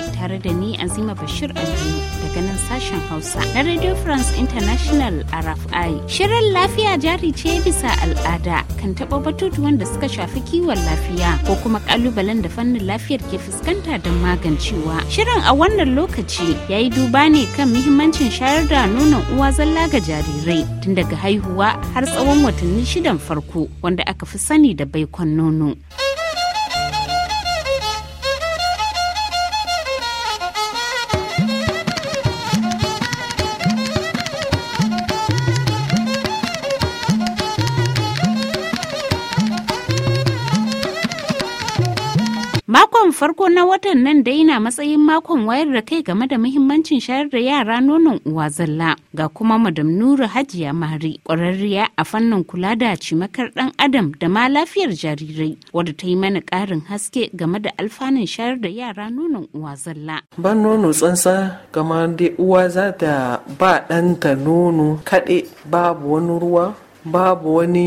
tare da ni Azima Bashir Abdu daga nan sashen Hausa na Radio France International RFI. Shirin lafiya jari ce bisa al'ada kan taɓa batutuwan da suka shafi kiwon lafiya ko kuma ƙalubalen da fannin lafiyar ke fuskanta don magancewa. Shirin a wannan lokaci ya yi duba ne kan muhimmancin shayar da nonon uwa zalla ga jarirai tun daga haihuwa har tsawon watanni shidan farko wanda aka fi sani da baikon nono. Makon farko na watan nan da yana matsayin makon wayar da kai game da muhimmancin shayar da yara nonon uwa zalla ga kuma Madam Nura Hajiya Mari kwararriya a fannin kula da cimakar dan adam da ma lafiyar jarirai wadda ta yi mana ƙarin haske game da alfanun shayar da yara nonon uwa zalla. Ban nono tsantsa kamar dai uwa za ta ba ɗanta nono kaɗe babu wani ruwa babu wani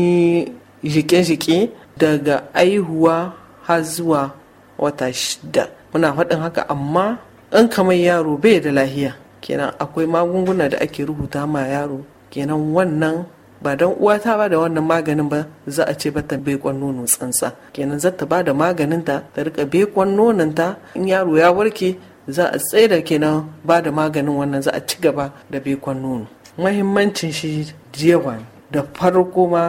jike-jike daga aihuwa har zuwa wata shida muna faɗin haka amma in kamar yaro bai da lahiya kenan akwai magunguna da ake rubuta ma yaro kenan wannan ba don uwata ba da wannan maganin ba za a ce bata bekon nono tsantsa kenan zata ba da maganin ta ta rika bekon nonon ta in yaro ya warke za a tsaida kenan ba da maganin wannan za a ci gaba da bekon nono mahimmancin shi jewa da farko ma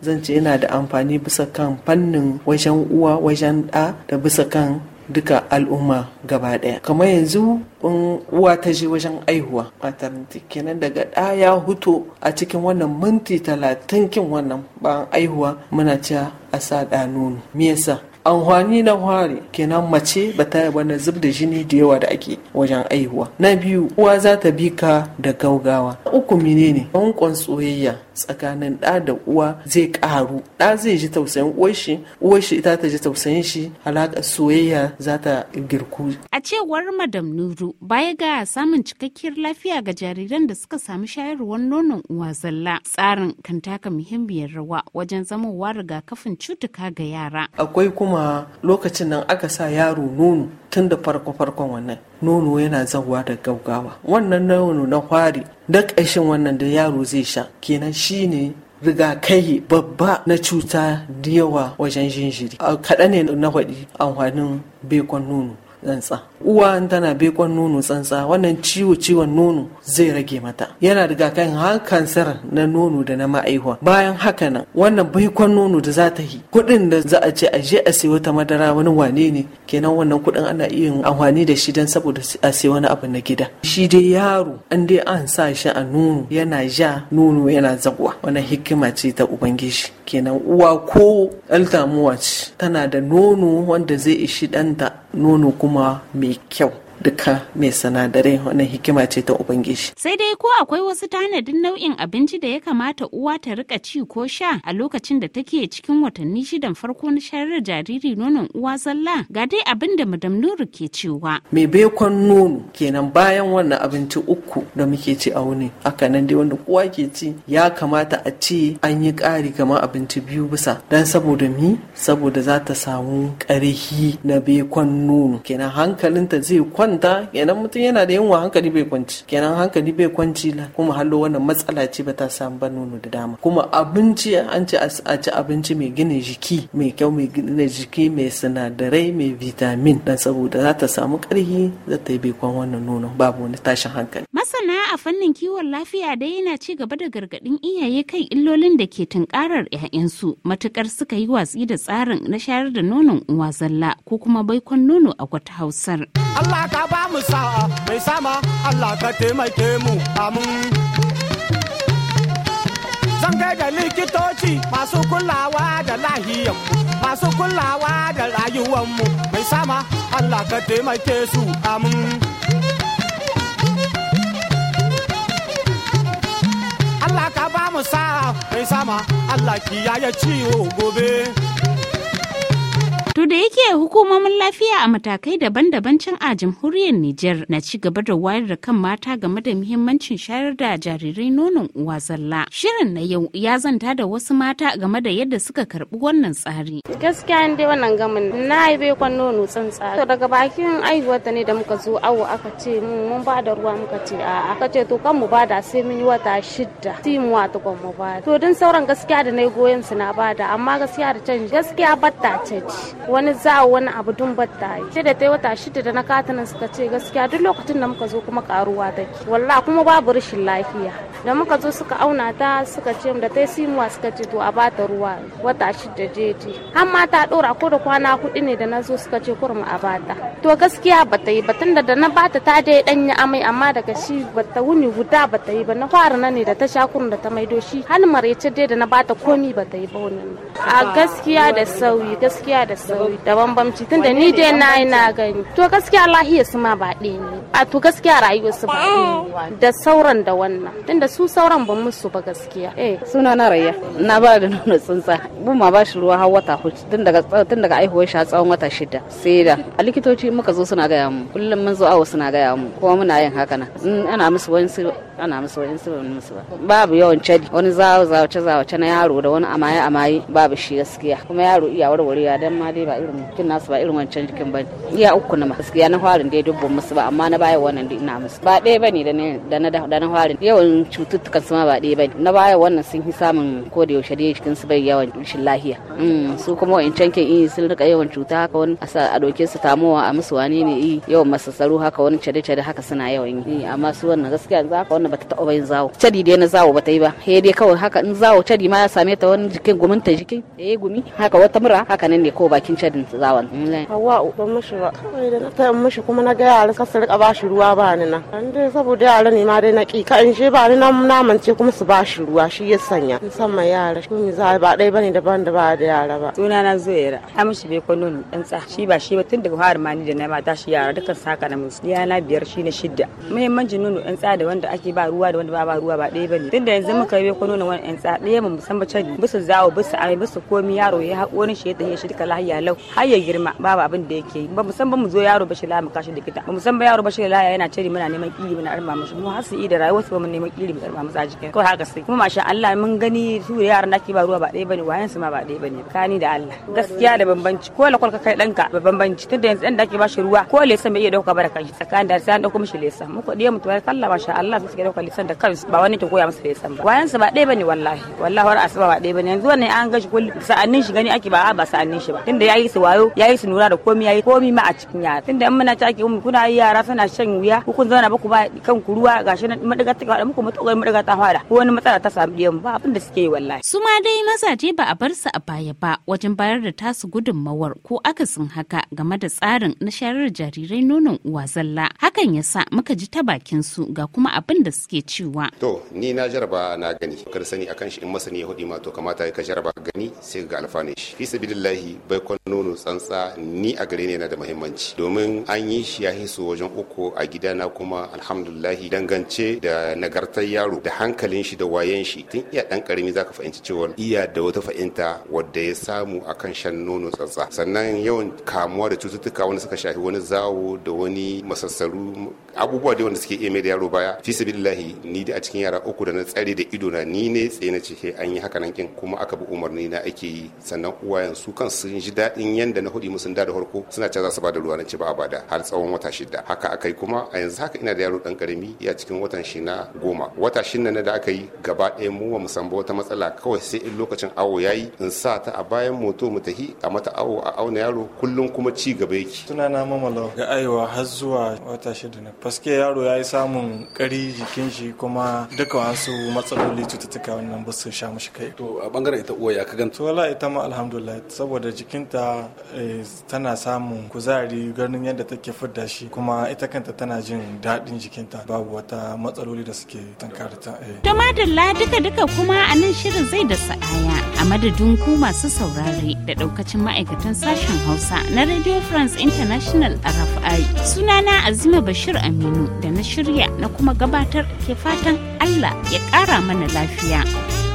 zan ce yana da amfani bisa kan fannin wajen uwa wajen ɗa da bisa kan duka al'umma gaba ɗaya kamar yanzu in uwa ta je wajen aihuwa matar kenan daga ɗa ya huto a cikin wannan minti talatin kin wannan bayan aihuwa muna cewa a sa ɗa nono me yasa amfani na hware kenan mace ba ta yi wani zub da jini da yawa da ake wajen aihuwa na biyu uwa za ta bi ka da gaugawa uku menene ne soyayya tsakanin ɗa da uwa zai ƙaru ɗa zai ji tausayin uwarshi uwarshi ita ta ji tausayin shi alaƙa soyayya za ta girku. a cewar madam nuru baya ga samun cikakkiyar lafiya ga jariran da suka sami shayarwar nonon uwa zalla tsarin kan taka muhimmiyar rawa wajen zamowa rigakafin cutuka ga yara. akwai kuma lokacin nan aka sa yaro nono tun da farko-farkon wannan nono yana zawa da gaugawa wannan nono na kwari da ƙashin wannan da yaro zai sha kenan shine rigakahi babba na cuta da yawa wajen jinjiri kaɗai ne na waɗi amfanin bekon nono tsantsa uwa in tana bekon nono tsantsa wannan ciwo ciwon nono zai rage mata yana daga kan har kansar na nono da na ma'aihuwa bayan haka nan wannan baikon nono da za ta yi kuɗin da za a ce a je a sayi wata madara wani wane ne kenan wannan kuɗin ana iya amfani da shi don saboda a sayi wani abu na gida shi dai yaro an dai an sa shi a nono yana ja nono yana zagwa wannan hikima ce ta ubangiji kenan uwa ko altamuwa ce tana da nono wanda zai ishi ɗanta nono kuma mai kyau duka mai sinadarai wannan hikima ce ta ubangiji sai dai ko akwai wasu tanadin nau'in abinci da ya kamata uwa ta rika ci ko sha a lokacin da take cikin watanni shidan farko na shayar da jariri nonon uwa zalla ga dai abin da madam nuru ke cewa mai bekon nono kenan bayan wannan abinci uku da muke ci a wuni haka nan dai wanda uwa ke ci ya kamata a ci an yi ƙari kamar abinci biyu bisa dan saboda mi saboda za ta samu ƙarhi na bekon nono kenan hankalinta zai kwanta kwanta kenan mutum yana da yunwa hankali bai kwanci kenan hankali bai kwanci la kuma hallo wannan matsala ce ba ta samu ba nono da dama kuma abinci an ce a ci abinci mai gina jiki mai kyau mai gina jiki mai sinadarai mai vitamin dan saboda za ta samu karhi za ta yi baikon wannan nono babu wani tashin hankali masana a fannin kiwon lafiya dai yana ci gaba da gargadin iyaye kai illolin da ke tunkarar 'ya'yansu matukar suka yi watsi da tsarin na shayar da nonon uwa zalla ko kuma baikon nono a kwata hausar Allah ka ba mu sa'a mai sama Allah ka taimake mu amin zan da likitoci masu kulawa da lahiyan masu kulawa da rayuwanmu mai sama Allah ka taimake su amin Allah ka ba mu sa'a mai sama Allah kiyaye ciwo gobe To da yake hukumomin lafiya a matakai daban-daban can a jamhuriyar Nijar na ci gaba da wayar da kan mata game da muhimmancin shayar da jarirai nonon uwa zalla. Shirin na yau ya zanta da wasu mata game da yadda suka karbi wannan tsari. Gaskiya dai wannan gamin na haife kwan nono tsantsa. To daga bakin aiwata ne da muka zo awo aka ce mun ba da ruwa muka ce a aka ce to kan mu bada sai mun yi wata shidda. mu wata kwan mu bada. To din sauran gaskiya da na goyon su na bada amma gaskiya da canji gaskiya batta ce. wani za wani abu dun batta yi da ta wata shida da na katanin suka ce gaskiya duk lokacin da muka zo kuma karuwa take wallahi kuma babu rashin lafiya da muka zo suka auna ta suka ce da ta yi suka ce to a bata ruwa wata da jeji har ma ta dora ko da kwana hudu ne da na zo suka ce kurma a bata to gaskiya bata yi batun da na bata ta dai dan yi amai amma daga shi bata wuni guda bata yi ba na fara na ne da ta sha kurun da ta maido shi har maraice dai da na bata komi bata yi ba wannan a gaskiya da sauyi gaskiya da sauyi da bambamci tunda ni dai na yi na gani to gaskiya lahiyar su ma ba ɗaya ne a to gaskiya rayuwar su ba ɗaya da sauran da wannan tunda wanda su sauran ban musu ba gaskiya eh suna na raya na ba da nono tsuntsa mun ma ba shi ruwa har wata tun daga tun daga aihuwar shi tsawon wata shida sai da a likitoci muka zo suna gaya mu kullum mun zo awo suna gaya mu kuma muna yin haka nan ana musu wani ana musu wani su wani musu ba babu yawan cadi wani zawo zawace zawace na yaro da wani amaye amaye babu shi gaskiya kuma yaro iya warware ya dan ma dai ba irin kin nasu ba irin wancan jikin bane iya uku na gaskiya na farin dai dubban musu ba amma na baya wannan duk ina musu ba ɗaya bane da da na da na farin yawan cututtukan su ma ba ɗaya bane na baya wannan sun fi samun ko da yaushe dai jikin su bai yawan rashin lahiya mm, su kuma wa'incan kin in sun rika yawan cuta haka wani a sa ɗauke su tamowa a musu wani ne yi yawan masassaru haka wani cade-cade haka suna yawan yi amma su wannan gaskiya za ka wannan bata taɓa yin zawo cadi dai na zawo bata yi ba he dai kawai haka in zawo cadi ma ya same ta wani jikin gumin ta jikin ya eh gumi haka wata mura haka nan ne ko bakin cadin zawon hawa ban mishi ba kawai da na ta mishi kuma na ga yara ka su rika bashi ruwa ba ni na an dai saboda yara ne ma dai na ƙi ka in she ba ni na namance kuma su bashi ruwa shi ya sanya musamman yara shi ne za ba dai bane daban da ba da yara ba suna na zuwa a mishi bai kwano ne dan tsa shi ba shi ba tun daga har ma ni da na mata shi yara dukkan saka na musu yana biyar shi na shidda muhimmancin nono dan tsa da wanda ake ba ruwa da wanda ba ba ruwa ba ɗaya bane tunda yanzu muka yi kwano na wani yan tsa ɗaya mu san bace bisu zawo bisu ai bisu komi yaro ya haƙo ni shi ya tafi shi duka lahiya lau har ya girma babu abin da yake yi ba mu san ba mu zo yaro bashi la mu kashi likita ba mu san ba yaro bashi la yana cire muna neman kiri muna arma mishi mu har su yi da rayuwar su ba mu neman kiri mu arma musu a jikin kawai haka sai kuma masha Allah mun gani su yaran naki ba ruwa ba ɗaya bane wayan su ma ba ɗaya bane kani da Allah gaskiya da bambanci ko la ka kai ɗanka ba bambanci tunda yanzu ɗan da ake bashi ruwa ko lesan mai iya dauka ba shi tsakanin da sai an dauko mishi lesan mu kuɗi mu tuwar kalla masha Allah su dauka lisan da kawai ba wani ke koya masa musu lisan ba wayan sa ba ɗaya bane wallahi wallahi har asuba ba ɗaya bane yanzu wannan an gashi kullu sa'annin shi gani ake ba a ba sa'annin shi ba tunda yayi su wayo yayi su nura da komai yayi komai ma a cikin yara tunda in muna take mu kuna yi yara suna shan wuya ku kun zauna ba ku ba kan ku ruwa gashi na madaga ta kawai muku mutuwar madaga ta fara ko wani matsala ta samu diyan ba abin da suke yi wallahi su ma dai mazaje ba a bar su a baya ba wajen bayar da tasu gudunmawar ko akasin haka game da tsarin na sharar jarirai nonon uwa zalla hakan yasa muka ji ta bakin su ga kuma abin da suke cewa. To ni na jaraba na gani kar sani kan shi in masani ya hudi ma to kamata ka jaraba gani sai ga alfane shi. Fi bai baikon nono tsantsa ni a gare ne yana da muhimmanci domin an yi shi ya hiso wajen uku a gida na kuma alhamdulillahi dangance da nagartar yaro da hankalin shi da wayen shi tun iya dan karami zaka fahimci cewa iya da wata fahimta wadda ya samu akan shan nono tsantsa sannan yawan kamuwa da cututtuka wanda suka shafi wani zawo da wani masassaru abubuwa da wanda suke iya mai da yaro baya fi alhamdulillahi ni da a cikin yara uku da na tsare da ido na ni ne tsaye na cike an yi haka nan kin kuma aka bi umarni na ake yi sannan uwayen su kan sun ji daɗin yanda na hudi musun da da farko suna cewa za su bada ruwa na ci ba a bada har tsawon wata shida haka akai kuma a yanzu haka ina da yaro dan karami ya cikin watan shi na goma wata shin na da aka yi gaba ɗaya mu ba mu san wata matsala kawai sai in lokacin awo yayi in sa ta a bayan moto mu tahi a mata awo a auna yaro kullum kuma ci gaba yake tunana mamalo ga aiwa har zuwa wata shida na paske yaro yayi samun kari jiki jikin shi kuma duka wasu matsaloli cututtuka wannan ba su sha mashi kai to a bangaren ita uwa ya ka ganta wala ita ma alhamdulillah saboda jikinta eh, tana samun kuzari ganin yadda take fidda shi kuma ita kanta tana jin daɗin jikinta babu wata matsaloli da suke ta. Eh. to madalla duka duka kuma a nan shirin zai da sa'aya a madadin ku masu saurare da ɗaukacin ma'aikatan sashen hausa na radio france international rfi sunana azima bashir aminu da na shirya na kuma gabatar gabatar ke fatan Allah ya ƙara mana lafiya.